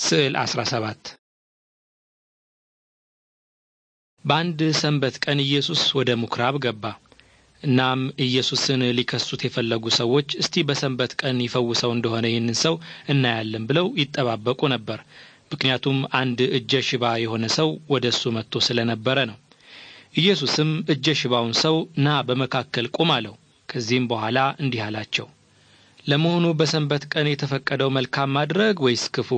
ስዕል 17 በአንድ ሰንበት ቀን ኢየሱስ ወደ ምኵራብ ገባ። እናም ኢየሱስን ሊከሱት የፈለጉ ሰዎች እስቲ በሰንበት ቀን ይፈውሰው እንደሆነ ይህንን ሰው እናያለን ብለው ይጠባበቁ ነበር። ምክንያቱም አንድ እጀ ሽባ የሆነ ሰው ወደ እሱ መጥቶ ስለነበረ ነው። ኢየሱስም እጀ ሽባውን ሰው ና በመካከል ቁም አለው። ከዚህም በኋላ እንዲህ አላቸው፣ ለመሆኑ በሰንበት ቀን የተፈቀደው መልካም ማድረግ ወይስ ክፉ?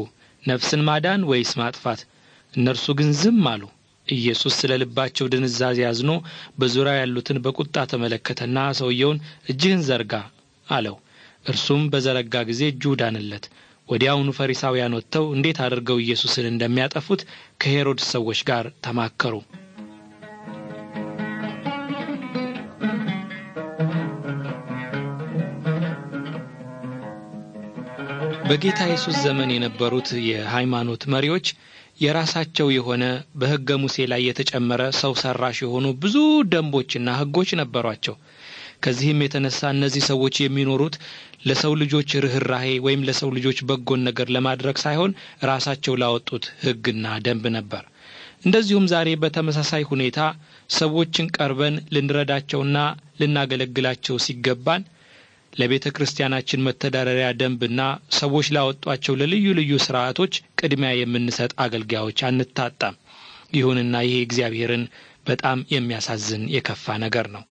ነፍስን ማዳን ወይስ ማጥፋት? እነርሱ ግን ዝም አሉ። ኢየሱስ ስለ ልባቸው ድንዛዜ አዝኖ በዙሪያ ያሉትን በቁጣ ተመለከተና ሰውየውን እጅህን ዘርጋ አለው። እርሱም በዘረጋ ጊዜ እጁ ዳንለት። ወዲያውኑ ፈሪሳውያን ወጥተው እንዴት አድርገው ኢየሱስን እንደሚያጠፉት ከሄሮድስ ሰዎች ጋር ተማከሩ። በጌታ ኢየሱስ ዘመን የነበሩት የሃይማኖት መሪዎች የራሳቸው የሆነ በሕገ ሙሴ ላይ የተጨመረ ሰው ሰራሽ የሆኑ ብዙ ደንቦችና ሕጎች ነበሯቸው። ከዚህም የተነሳ እነዚህ ሰዎች የሚኖሩት ለሰው ልጆች ርኅራሄ ወይም ለሰው ልጆች በጎን ነገር ለማድረግ ሳይሆን ራሳቸው ላወጡት ሕግና ደንብ ነበር። እንደዚሁም ዛሬ በተመሳሳይ ሁኔታ ሰዎችን ቀርበን ልንረዳቸውና ልናገለግላቸው ሲገባን ለቤተ ክርስቲያናችን መተዳደሪያ ደንብና ሰዎች ላወጧቸው ለልዩ ልዩ ስርዓቶች ቅድሚያ የምንሰጥ አገልጋዮች አንታጣም። ይሁንና ይህ እግዚአብሔርን በጣም የሚያሳዝን የከፋ ነገር ነው።